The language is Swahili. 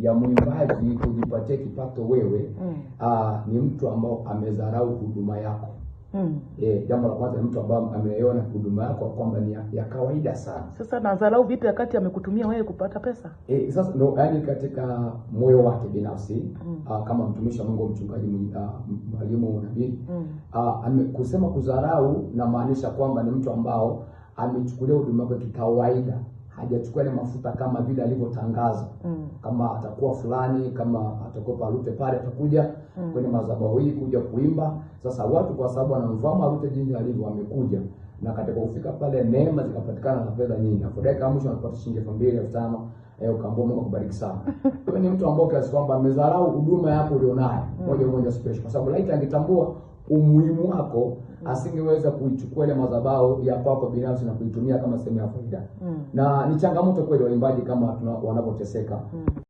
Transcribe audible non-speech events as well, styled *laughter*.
ya mwimbaji kujipatia kipato wewe mm. uh, ni mtu ambao amedharau huduma yako mm. E, jambo la kwanza ni mtu ambaye ameona huduma yako kwamba ni ya, ya kawaida sana. Sasa nadharau vipi wakati amekutumia wewe kupata pesa? E, sasa ndo yaani katika moyo wake binafsi mm. uh, kama mtumishi wa Mungu, mchungaji, ah, mwalimu, nabii mm. kusema kudharau namaanisha kwamba ni mtu ambao amechukulia huduma yako kikawaida hajachukua ile mafuta kama vile alivyotangaza mm. kama atakuwa fulani kama atakuwa Palute pale atakuja mm. kwenye madhabahu hii kuja kuimba. Sasa watu kwa sababu wanamfahamu Palute jinsi alivyo, wamekuja na katika kufika pale neema zikapatikana na fedha nyingi. dakika ya mwisho anapata shilingi elfu mbili elfu tano eh, ukaambia Mungu akubariki sana. kwa *laughs* ni mtu ambao kiasi kwamba amedharau huduma yako ulionayo mm. moja moja special, kwa sababu laiti angetambua umuhimu wako asingeweza kuichukua ile madhabahu ya kwako binafsi na kuitumia kama sehemu ya faida mm. na ni changamoto kweli waimbaji kama wanavyoteseka mm.